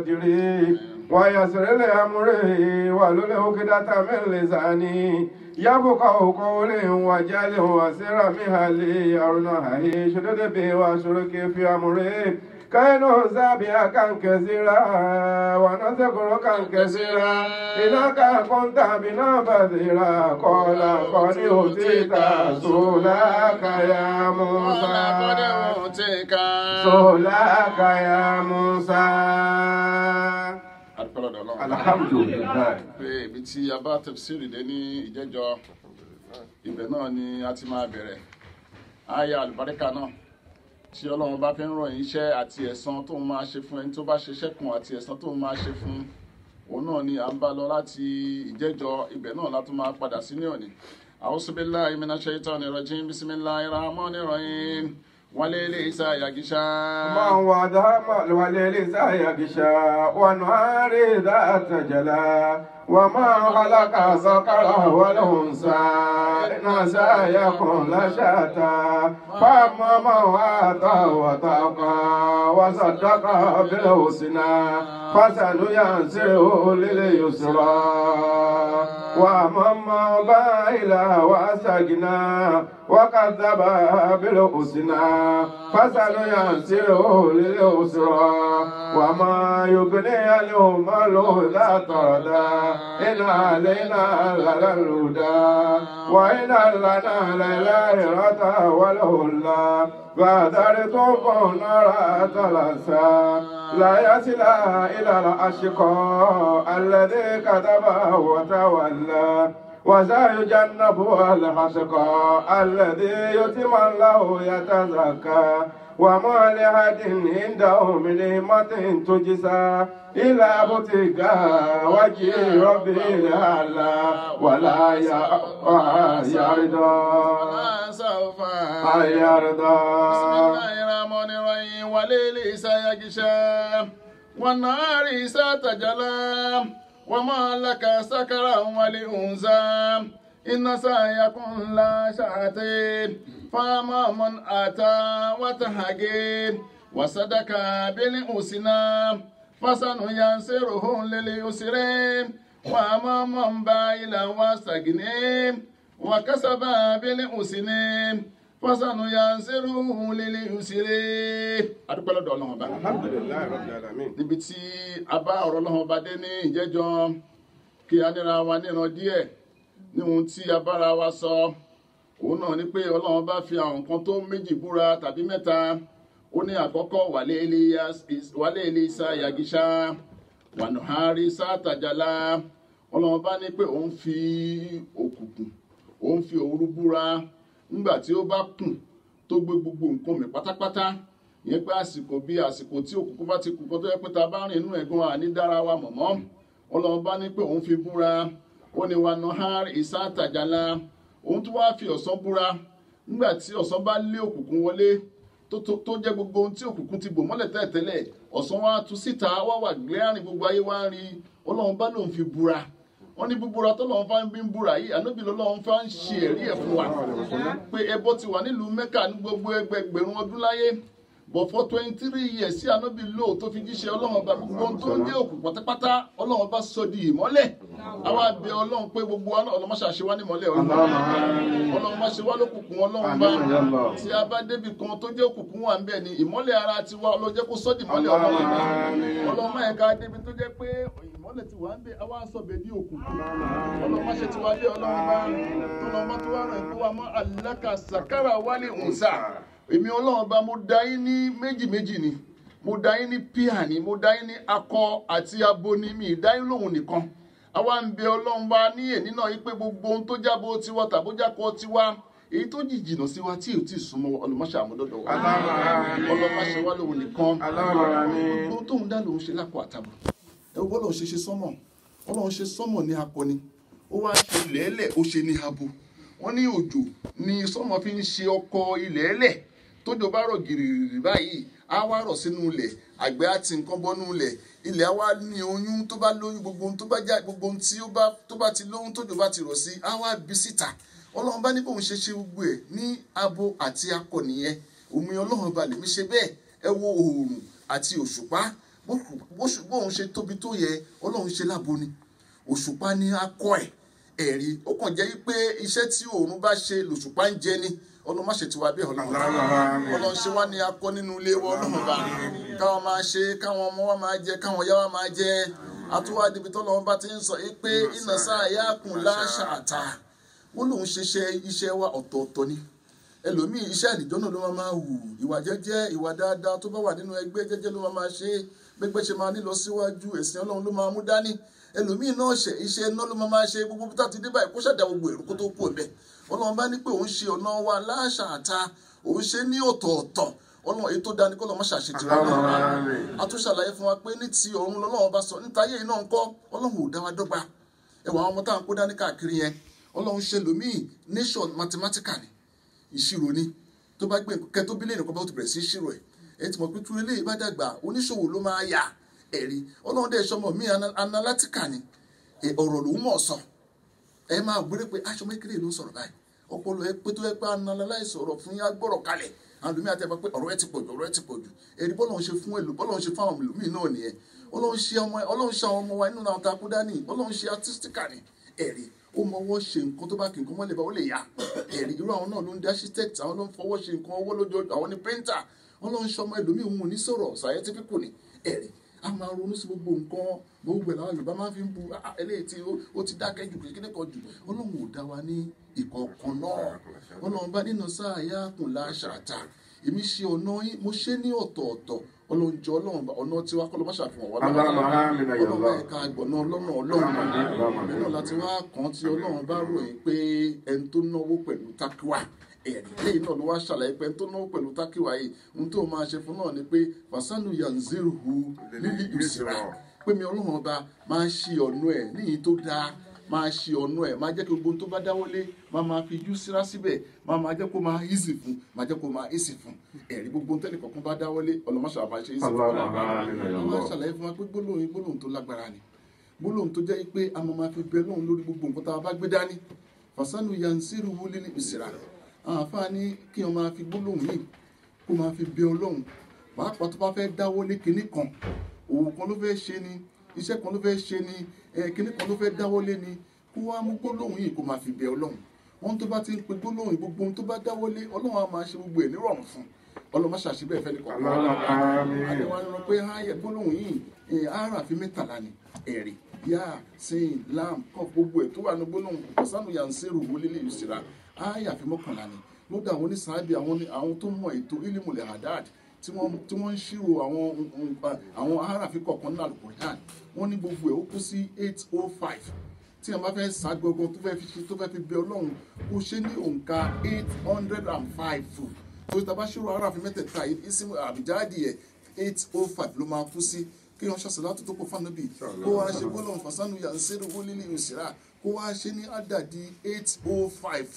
قدري ويسر لي أمري ولله كدة من لساني يبقى قولي وجل وسر مهلي أرنهي شدد بي وشرك في أمري كانوا زابيا كان كثيرا ونذكر كان كثيرا إنك كنت بنا بذيرا قال قد أوتيت سؤلك يا موسى سؤلك يا موسى alhamdulilayi. pé ibi tí a bá tafsiri dé ní ìjẹ́jọ́ ibẹ̀ náà ni a ti máa bẹ̀rẹ̀ àyà àlùbáríkà náà tí ọlọ́run bá fi ń ròyìn iṣẹ́ àti ẹ̀san tó ń máa ṣe fún ẹni tó bá ṣiṣẹ́ kan àti ẹ̀san tó ń máa ṣe fún òun náà ni à ń bá lọ láti ìjẹ́jọ́ ibẹ̀ náà látún máa padà sí ní òní. a'udhu billahi minash shaitani rajim bismillahir rahmanir rahim. وليل سيغشى ما هو ذهب وليل سيغشى ونهار ذات جلى وما خلق الذكر والأنثى إن سيكون لشتى فأما من أتى وتقى وصدق بالحسنى فسنيسره لليسرى وأما من بخل واستغنى وكذب بالحسنى فسنيسره لليسرى وما يغني عنه ماله لا تردى إن علينا للهدى وإن لنا للآخرة والهلا فذرتم نار تلسى لا يصلى إلى الأشقى الذي كذب وتولى وسيجنبها الحسقى الذي يتم له يتزكى وما لأحد عنده من نعمة تجزى إلا ابتغاء وجه ربه الأعلى ولا يرضى سوف يرضى بسم الله الرحمن الرحيم والليل إذا يغشى والنهار وما لك سكرا ولأنزام إن سعيكم لا شعتين فما من أتى وتهجين وصدق بالحسنى فسنيسره لليسر وما من بايل واستغني وكسب بالحسنى fọ́sànù ya ń ṣerú ohun líle ìṣeré adúpẹ́ lọ́dọ̀ ọlọ́run ọba níbi tí a bá ọ̀rọ̀ ọlọ́run ọba dé ní ìjẹ́jọ́ kí a níra wa níran díẹ̀ níhun tí a bára wa sọ òun náà ni pé ọlọ́run ọba fi àwọn nǹkan tó méjì búra tàbí mẹ́ta ó ní àkọ́kọ́ wàlé Èlíṣà yàgíṣà wànúhárí sátàjàlá ọlọ́run ọba ní pé òun fi òkùnkùn òun fi òru búra nígbà tí ó bá kùn tó gbé gbogbo nǹkan mì pátápátá ìyẹn pé àsìkò bíi àsìkò tí òkùnkùn bá ti kù kó tó yẹ pé ta bá rìn inú ẹ̀gbọ́n àní dára wa mọ̀mọ́ ọlọ́run bá ní pé òun fi búra ó ní wa nahar ìsá àtàjàlá òun tó wá fi ọ̀sán búra nígbà tí ọ̀sán bá lé òkùnkùn wọlé tó jẹ́ gbogbo ohun tí òkùnkùn ti bò mọ́lẹ̀ tẹ́lẹ̀tẹ́lẹ̀ ọ̀sán wá tú síta wá wà glaring gbogbo ayé wá rí ọlọ́run bá lòun fi búra wọ́n ní búburú atọ́lọ́wọ́n fa ń bí ń búra yìí ànábì lọ́lọ́wọ́n fa ń ṣe ẹ̀rí ẹ̀ fún wa pé ẹbọ ti wà nílùú mẹ́kà ní gbogbo ẹgbẹgbẹ̀rún ọdún láyé bọ̀ fọ́ twenty three years sí ànábì lò tó fi jíṣẹ́ ọlọ́run ọba gbogbo ohun tó ń dé òkú pátápátá ọlọ́run ọba sọ di ìmọ́lẹ̀ àwa bẹ ọlọ́run pé gbogbo ọlọ́mọṣà ṣe wá nímọ́lẹ̀ ọlọ́run má ṣe wá lókùnkùn ọlọ́run bá tí a bá débi kan tó jẹ́ òkùnkùn wà ń bẹ̀ ni ìmọ́lẹ̀ ara tiwa ọlọ́jẹ́ kó sọ́dì mọ́lẹ̀ ọlọ́run ọlọ́run má yẹ ká débi tó jẹ́ pé ìmọ́lẹ̀ ti wà ń bẹ àwa ń ní òkùnkùn ọlọ́mọ ṣe ti wá lé ọlọ́run bá tó lọ́mọ tó wá ràn kó wa mọ́ àlàkà sàkárà wálé ọ̀sà èmi ọlọ́run bá mo dá yín ní méjì méjì ni mo dá yín ní píà ni mo dá yín ní akọ àti abo ni mi dá yín lóhùn nìkan àwa ń bẹ bá ní èní náà yí pé gbogbo ohun tó jábọ̀ tiwa tàbójákọ tiwa èyí tó jìjìnà sí wa tí ò tí ì súnmọ́ ọlọ́mọṣẹ́ àmúdọ́dọ̀ wa ọlọ́mọṣẹ́ wa lòun nìkan gbogbo tó dá lòun ṣe lákọ̀ àtàbọ̀ ẹ wọ́n lọ́n ṣe ṣe sánmọ̀ wọ́n lọ́n ṣe sánmọ̀ ní akọni ó wá ṣe ilẹ̀ẹ́lẹ̀ ó ṣe ní abo wọ́n ní òjò ni sánmọ̀ fi ń ṣe ọkọ̀ ilẹ̀ẹ́lẹ̀ tójò bá rọ̀ gìrìrì báyìí á wá rọ̀ sínú ilẹ̀ àgbẹ̀ á ti nǹkan bọ́nú ilẹ̀ ilẹ̀ á wá ní oyún tó bá lóyún gbogbo ohun tó bá já gbogbo ohun tí ó bá ti lóyún tójò bá ti rọ̀ sí á wá bí síta ọlọ́run bá ní bóun ṣe ṣe gbogbo ẹ̀ ní abo àti akọ nìyẹn òmìnir ọlọ́run balẹ̀ mi ṣe bẹ́ẹ̀ ẹ wo oòrùn àti òṣùpá bóun ṣe tóbi tó yẹ ọlọ́run ṣe lábo ni òṣùpá ni a kọ́ ẹ̀ ẹ̀rí ó kàn jẹ́ pé iṣẹ́ tí òòrùn bá ṣe lòṣùpá ń jẹ ni ọlọ́run má ṣe tiwa bí ọlọ́run ọlọ́run ṣe wá ní akọ nínú ilé wọn ọlọ́run bá káwọn máa ṣe káwọn ọmọ wa máa jẹ káwọn ìyá wa máa jẹ àtúwá débi tọ́lọ́run bá ti ń sọ pé iná sáà yá kùn láṣà àtà wọn lòun ṣiṣẹ́ iṣẹ́ wa ọ̀tọ̀ọ̀tọ̀ ni ẹlòmíì iṣẹ́ àdìjọ́ náà ló máa wù ìwà jẹ́jẹ́ ìwà dáadáa tó bá wà nínú ẹgbẹ́ jẹ́jẹ́ ló máa ṣe é pépé ṣe máa nílọ síwájú ẹ̀sìn ọlọ́run ló máa mú dání ẹlòmíín náà ṣe iṣẹ́ iná ló máa ṣe gbogbo bí táti dé báyìí kó ṣàdá gbogbo èrò kó tó kú ọ̀bẹ ọlọ́run bá ní pé òun ṣe ọ̀nà wa láṣà àta òun ṣe ní ọ̀tọ̀ọ̀tọ̀ ọlọ́run èyí tó dání kọ́ lọ́mọ ṣàṣetì wa náà a tún ṣàlàyé fún wa pé ní ti ọ̀run lọ́lọ́run bá sọ nítayé iná ńkọ́ ọlọ́run ò dá wa dọ́gba ẹwà àwọn ọmọ tá kó dání káàkiri yẹn ọlọ́run ṣe lòmíì nation mathematical ni ìṣirò ni tó bá gbé kẹtóbílẹ̀ nìkan bá tó bẹ̀rẹ̀ sí ìṣirò ẹ̀ ẹ ti mọ̀ pé tí eléyìí bá dàgbà oníṣòwò ló máa yà ẹ̀rí ọlọ́run dẹ̀ sọmọ mi analytical ni ọ̀rọ̀ ló mọ̀ sọ ẹ máa gbére pé aṣọ mẹ́kẹ́lẹ́ ló ń sọ̀rọ̀ báyìí ọpọlọ ẹ pé tó ẹ pé analyze ọ̀rọ̀ fún yá gbọ́rọ̀ kalẹ̀ àwọn lómi àti ẹ bá pé ọ̀rọ̀ ẹ ti pọ̀jù ọ̀rọ̀ ẹ ti pọ̀jù ẹ̀rí bọ́lọ̀ ń ṣe fún ẹlò bọ́lọ̀ ń ṣe fún àwọn ẹlòmíì náà nìyẹn ọlọ́run ṣe àwọn ọmọ wa inú náà takú dání ó mọwọ́ ṣe nǹkan tó bá kí nǹkan mọ́lẹ̀ bá ó lè yá ẹ̀rí irú àwọn náà ló ń dá architect àwọn ló ń fọwọ́ ṣe nǹkan ọwọ́ lójoojúmọ́ àwọn ní painter wọ́n lọ ń ṣọmọ ẹlòmíì òun ò ní sọ̀rọ̀ scientific ni ẹ̀rí a máa ronú sí gbogbo nǹkan gbogbo ẹ̀ làwọn Yorùbá máa fi ń bu ah, ah, eléyìí tí ó ti dákẹ́ jù kékeré kan jù Ọlọ́run ò dá wa ní ìkọ̀ọ̀kan náà Ọlọ́run bá nínú sáà yá kùn láṣàtà èmi ṣe ọ̀nà yín mo ṣe ní ọ̀tọ̀ọ̀tọ̀ ọlọ́njọ ọlọ́run ọ̀nà tí wàá kọ́lọ́ bá ṣàfihàn wà lọ́wọ́ ọlọ́run ẹ̀ka ìgbọ̀nà ọlọ́run ọlọ́run ọ̀nà láti wá kàn tí ọlọ́run bá ròyìn pé ẹni tó náwó pẹ̀lú tákíwá lẹ́yìn náà ló wá ṣàlàyé pé tó náwó pẹ̀lú tákìwá ohun tó máa ṣe fún náà ni pé fasanu yanziru hu lili ìṣirà pé mi ọlọ́run ọba máa ṣe ọ̀nà ẹ̀ níyìí tó dáa máa ṣe ọ̀nà ẹ̀ máa jẹ́ kí gbogbo tó bá dáwọ́lé máa fi síra síbẹ̀ máa máa jẹ́ kó máa fún máa jẹ́ kó máa fún ẹ̀rí gbogbo tẹ́lẹ̀ kọ̀ọ̀kan bá dáwọ́lé àwọn àfáà kí wọn máa fi gbólóhùn yìí kó máa fi bí ọlọ́run pàápàá tó bá fẹ́ dáwọ́ lé kinní kan òwò ló fẹ́ ṣe ni iṣẹ́ kan ló fẹ́ ṣe ni kinní kan ló fẹ́ dáwọ́ lé ni kó wá mú gbólóhùn yìí kó máa fi bí ọlọ́run wọn tó bá ti ń pe gbólóhùn gbogbo tó bá dáwọ́ lé ọlọ́run á máa ṣe gbogbo ẹ̀ nírọ̀rùn fún ọlọ́mọ ṣàṣìbẹ̀ fẹ́ ní kọ̀ọ̀kan àdéhùn àdéhùn pé gbólóhùn yìí yá sin lam kọ gbogbo ẹ tó wà ní gbóná ọsánù yà ń sẹrù wọlé lè ṣìra ayé àfi mọ́kànlá ni lóde àwọn onísàábì àwọn tó mọ ètò ilimule hadad tí wọ́n ń ṣírò àwọn aráàfi kọ̀ọ̀kan náà lùkọ̀ yá wọ́n ní gbogbo ẹ̀ ó kú sí eight oh five tí a bá fẹ́ ṣàgbọ̀gbọ̀n tó fẹ́ fi ṣe tó fẹ́ fi bẹ ọlọ́run kó ṣe ní òǹkà eight hundred and five tó ìta bá ṣírò aráàfi mẹ́tẹ̀ẹ̀ta ìsinmi àbíjáde ẹ̀ eight oh five ló máa kú sí kí wọ́n ṣàṣẹ láti tó kó fanabi kó wá ṣe bọ́ọ̀lù ọ̀fàsánù yà ń ṣeré owó lílì ìṣirà kó wá ṣe ní àdàdì eight oh five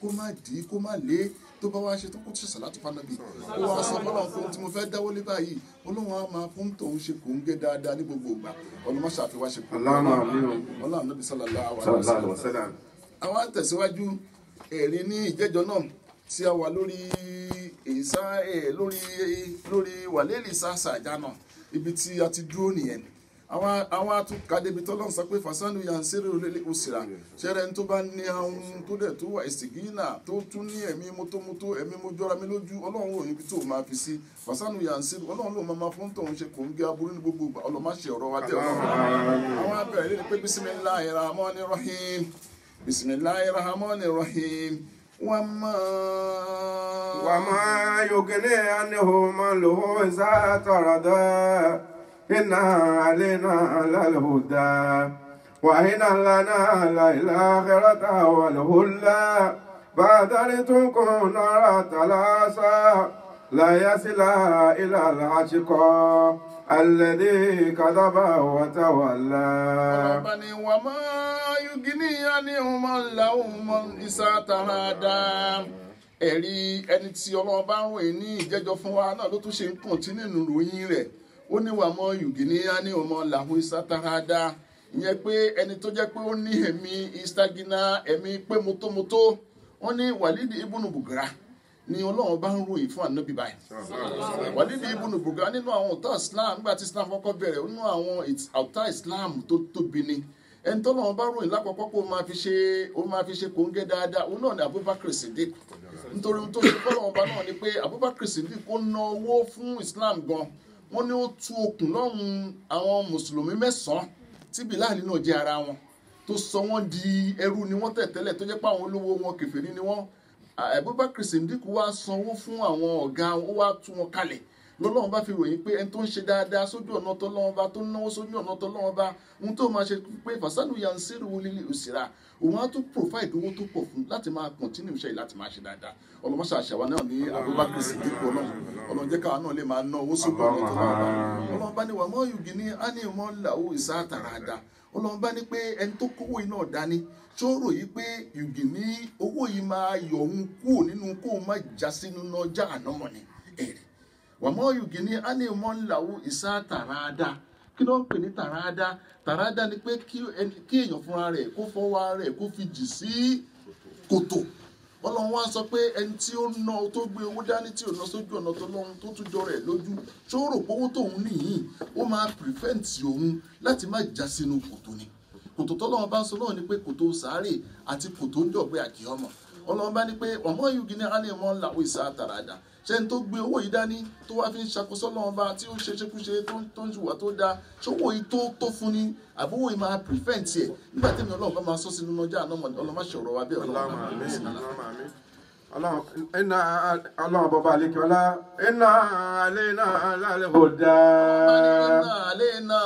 kó má dì í kó má lé tó bá wá ṣe tó kó ṣàṣẹ láti fanabi kó wá sọ bọ́ọ̀lù ọ̀fọ̀ tí mo fẹ́ dáwọ́ lé báyìí olóhùn á máa fún tòun ṣe kò ń gé dáadáa ní gbogbo ìgbà ọlọmọṣà fi wá ṣe kò àwọn àtẹ̀síwájú èrè tí a wà lórí èyí sá lórí lórí wàlẹ́ẹ̀lì sá sàjà ibi tí a ti dúró nìyẹn àwọn àwọn atukadébi tọ́lọ́ sọ pé fasanu yansere olóle òsìrà ṣẹlẹ̀ ń tó bá ní ahun tó dẹ̀ tó wà ìsìgínà tó tún ní ẹ̀mí mótómótó ẹ̀mí mójọ́ra mi lójú ọlọ́run wò níbi tó máa fi sí fasanu yansere ọlọ́run ló máa ma fún tọ̀hún ṣe kò ń gé aburú ní gbogbo ìgbà ọlọ́máṣe ọ̀rọ̀ wa tẹ̀ ọ̀rọ̀ àwọn abẹ́rẹ́ lé ní pé bisimilayi وما وما يغني عنه ماله إذا طردا إن علينا للهدى وإن لنا للآخرة والهلا بادرتكم نار تلاسا لا يصل إلى العشق الذي كذب وتولى ربني وما gíní ani ọmọ ńlá ọmọ ìsà tara dáa ẹ̀rí ẹni tí ọlọ́run bá ń ròyìn ní ìjẹ́jọ́ fún wa náà ló tún ṣe ń kọ̀ntínú ìròyìn rẹ̀ ó ní wàá mọ yùgìní ani ọmọ làwọn ìsà tara dáa ìyẹn pé ẹni tó jẹ́ pé ó ní ẹ̀mí ìsàgínà ẹ̀mí pé motomoto ó ní wàlídìí ibùnú ni ọlọ́run bá ń ròyìn fún ànábì báyìí wàlídìí ibùnú bùgàrà nínú àwọn ọ̀tá islam nígbà tí islam kọ́kọ́ bẹ̀rẹ̀ ẹni tó lọ́wọ́ bá ròyìn lápapọ̀ pé ó máa fi ṣe ó máa fi ṣe kòńgẹ́ dáadáa òun náà ni Abubakar Siddiq nítorí ohun tó ṣe fọ́lọ́wọ́n bá náà ni pé Abubakar Siddiq kó ná owó fún Islam gan wọ́n ní ó tú okùn lọ́rùn àwọn mùsùlùmí mẹ́sàn-án tí Bilal náà jẹ́ ara wọn tó sọ wọ́n di ẹrú ni wọ́n tẹ̀tẹ́lẹ̀ tó jẹ́ pé àwọn olówó wọn kèfèrí ni wọ́n Abubakar Siddiq wá sanwó fún àwọn ọ̀gá ó wá tú wọn kalẹ̀ lọ́lọ́run bá fi ròyìn pé ẹni tó ń ṣe dáadáa sójú ọ̀nà tọ́lọ́run bá tó ń náwó sójú ọ̀nà tọ́lọ́run bá ohun tó máa ṣe pé fàṣánù yà sírù lílì òsìrà òun á tún provide owó tó pọ̀ fún láti máa continue iṣẹ́ yìí láti máa ṣe dáadáa ọlọ́mọṣà àṣàwà náà ní Abubakar Siddiq ọlọ́run ọlọ́run jẹ́ káwa náà lè máa ná owó sójú ọ̀nà tọ́lọ́run bá ọlọ́run bá ní wà mọ́ yùgì ní ánìmọ́ làwọ̀ ìsáàtàràdà ọlọ́run bá ní pé ẹni tó kówó iná dání tó rò yí pé yùgì ní owó yìí máa yọ òun kúrò nínú kó má já sínú náà já ànámọ́ ni èrè wàmọ́ yùgì ní ánìmọ́ ńláwó ìsá tàràdà kí ló ń pè ní tàràdà tàràdà ni pé kí èèyàn fúnra rẹ̀ kó fọwọ́ rẹ̀ kó fi jì sí kòtò ọlọ́run wá sọ pé ẹni tí ó ná tó gbé owó dání tí ò ná sójú ọ̀nà tọlọ́run tó tún jọ rẹ̀ lójú tó rò pé owó tóun nìyí ó máa prevent òun láti má já sínú kòtò ni kòtò tọ́lọ́run bá ń sọ náà ni pé kòtò sàárè àti kòtò ń dọ̀gbẹ́ àkíọ́mọ̀ ọlọ́run bá pé ọmọ yugi ní alẹ́ mọ́ làwọn ìsà àtàràdà ṣé n tó gbé owó yìí dání tó wá fi ń ṣàkóso ọlọ́run tí ó ṣe ṣekúṣe tó ń ṣùwà tó dáa ṣówó yìí tó tó fún ni àbówó yìí máa prevent ẹ̀ nígbà tí mi ọlọ́run máa sọ sínú ọjà náà ọlọ́máṣẹ́ ọ̀rọ̀ wa bẹ́ẹ̀ ọlọ́run bẹ́ẹ̀ sí ọlọ́run bọ́ba àlékè ọlá iná alẹ́ náà alẹ́ òdà. ọlọ́run alẹ́ náà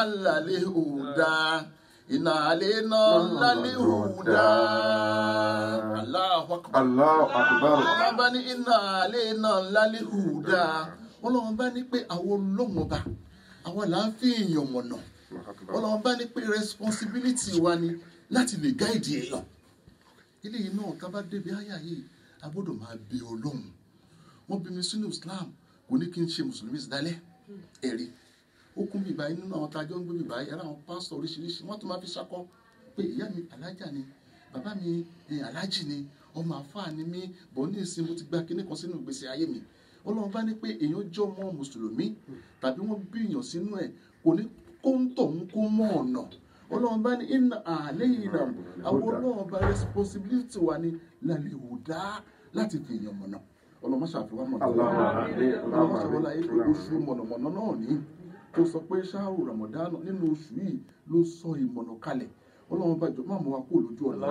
alẹ́ إن علينا للهدى الله أكبر الله أكبر ọlọ́ba ní إن علينا للهدى ọlọ́ba ní pé àwọn olóńgbà àwọn làáfíà èèyàn mọ̀nà ọlọ́ba ní pé responsibility wa ni láti lè gáìdì èèyàn eléyìí náà tá a bá débi àyà yìí a gbọ́dọ̀ máa bẹ Ọlọ́run wọ́n bí mi sínú Islam kò ní kí n ó kún bíbá yìí nínú àwọn tajọ́ ń gbé bíbá yìí ẹ̀rọ àwọn pásítọ̀ oríṣiríṣi wọ́n tún máa fi sakọ pé ìyá mi alájà ni bàbá mi alájì ni ọmọ àfáà ni mí bọ̀ ní ìsìn mo ti gba kinní kan sínú ìgbésí ayé mi ọlọ́run bá ní pé èèyàn jọ mọ́ mùsùlùmí tàbí wọ́n bí èèyàn sínú ẹ̀ kò ní kó ń tọ̀ ń kó mọ́ ọ̀nà ọlọ́run bá ní iná àlẹ́ ìlà àwọn ọlọ́run bá responsibility wa ni lálẹ́ ò dá láti fi èèyàn mọ̀nà ọlọ́run má ṣàfihàn mọ̀nà ọlọ́run má ṣàfihàn mọ̀nà ọlọ́run má ṣàfihàn náà ní tó sọ pé ṣáàrù ramadan nínú oṣù yìí ló sọ ìmọ̀nà kalẹ̀ ọlọ́run bàjọ́ máa mú wa kó lójú ọ̀nà.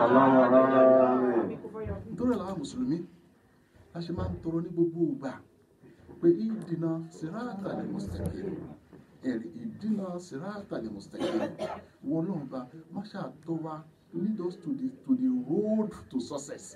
nítorí àwọn mùsùlùmí a ṣe máa ń tọrọ ní gbogbo ìgbà pé ìdìnà sirata ni mùsùlùmí ẹ̀rí ìdìnà sirata ni mùsùlùmí wọ́n lọ́nba má ṣàtọ́ wa lead us to the to the road to success.